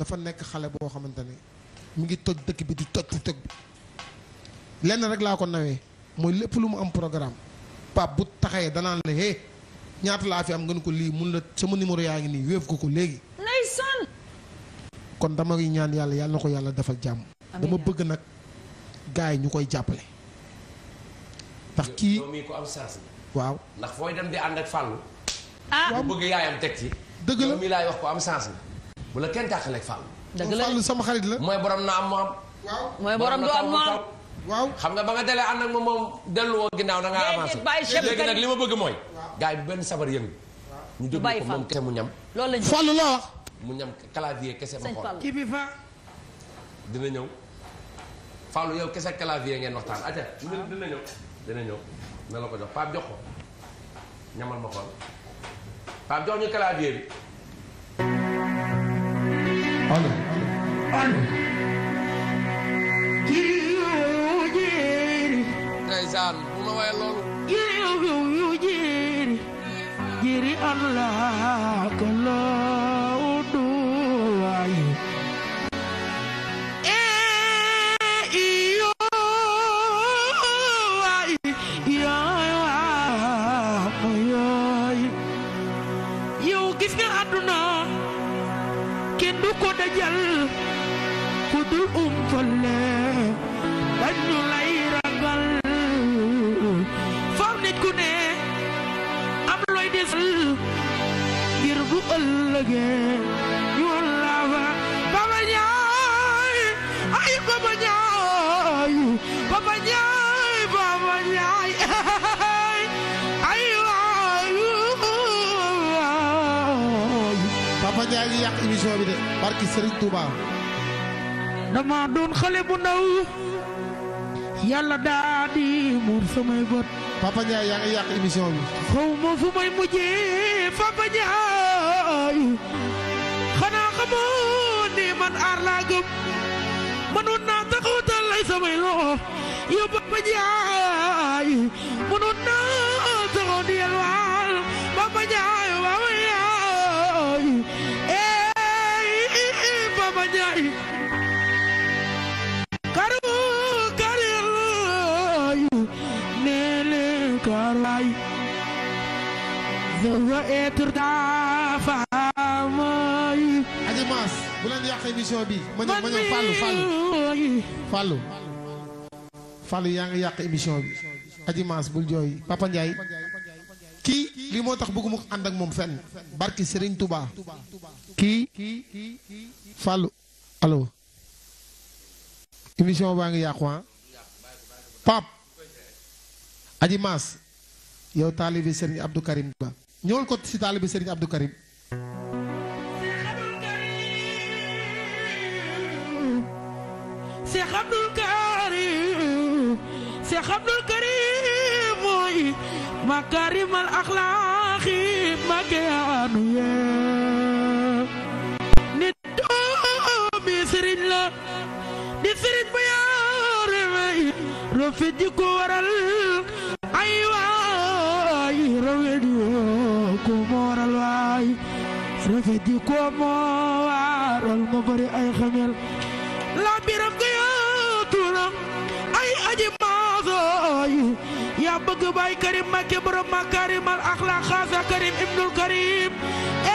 dafa nekk xale boo xamante ne mu ngi toj dëkk bi di toj di toj bi lenn rek laa ko nawee mooy lépp lu mu am programme pap bu taxawee danaan la hé ñaata laa fi am nga ne ko lii mun la sama numéro yaa ngi nii wéef ko ko léegi kon dama ñaan yàlla yàlla na ko yàlla dafa jàmm dama bëgg nag gars yi ñu koy jàppale ndax kii ko am chance waaw ndax fooy dem di ànd ak Fallou ah. bëgg yaayam teg ci dëgg la laay wax ko am chance bu la kenn tàqaleeg Fall. dëgg la Fall sama xarit la. mooy borom na am mu am. waaw mooy borom du am mu am. waaw xam nga ba nga dalee ànd ak moom moom delluwoo ginnaaw da ngaa avancé léegi nag li ma bëgg mooy. gars yi bu benn sabar yëngu. ñu déglu ko moom kese mu ñam. loolu lañ Fall la wax. mu ñam clavier kese ma xool. kii bi dina ñëw. Fallou yow kese clavier ngeen waxtaan atia. waaw dina ñëw dina ñëw. na ko jox Pape ko ñamal ma xool Pape jox ñu clavier bi. Alô. Alô. ndeysaan bu ma waye loolu jëri yow yow jëri jëri allah ko loo e du waaye Yow gis nga àdduna du ko dajal ku dul um fële dañu lay ñaa ngi yàq émission de barki Serigne Touba. dama doon xale bu ndaw yàlla daa di muur samay bët. Papa Ndiaye yaa ngi yàq émission fu may mujjee Papa Ndiaye xanaa xamoo ni man aar laa gëm mënoon naa taxawtal lay samay loxo yow Papa Ndiaye mënoon naa taxaw di yalwaal Papa Ndiaye jaay karu bi ma ñëw yaa ngi yàq émission bi aji kii li moo tax bëgguma ànd ak moom fenn barki Serigne Touba kii Fallou allo baa ngi yàqu ah Pape Aji Maas yow taalibi Serigne Abdou Karim Ba ñëwal ko ci taalibi Serigne Abdou Karim Karim Cheikh Abdou Karim mooy makaarimal axlaaqi makeanu li sëriñ ba yaare way rafet ji ko waral ay waay rafet ji ko mooral waay rafet ji ko mooral ma bari ay xamel la biram ga yooturam ay aji maasooy yaa bëgg baay karim makke borom makaarimal axlaaq xaasa karim ibnul karim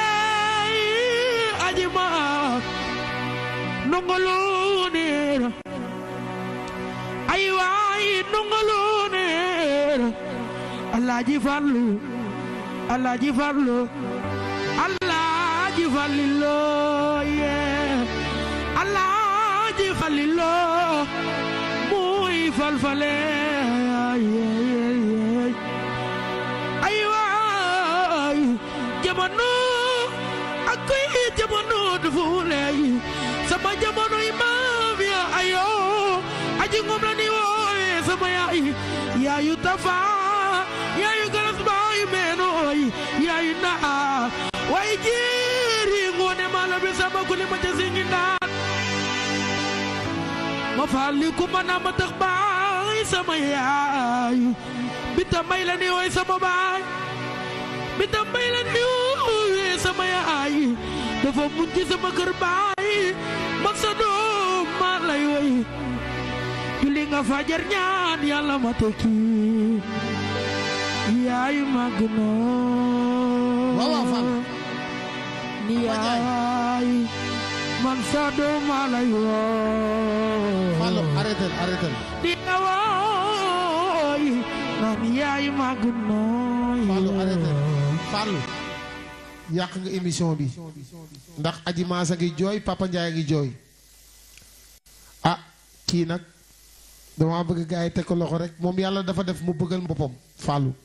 ey aji maas Ndongo Lo nee na ay waay Ndongo Lo nee na Alaaji Fallu Alaaji Fallu Alaaji Falilo yee Alaaji Falilo muy falfale yee yee ay waay jamono yaayu tafa yaayu galas baayu meenooy yaayu naa way jiiri ngoone maalo bi sama guli ma jasi naan ma faali ku ma naa ma tax baay sama yaayu bita may la ni way sama dafa muñ ci sama kër baay ma sa doom maa li nga fajar ñaan yàlla ma tekki yaay màgg na waaw fan ni yaay man waay man yaay màgg na falo arrêtel falo yàq nga émission bi ndax aji maasa ngi jooy papa njaay ngi jooy ah kii nag dama bëgg gars yi teg ko loxo rek moom yàlla dafa def mu bëggal boppam fàllu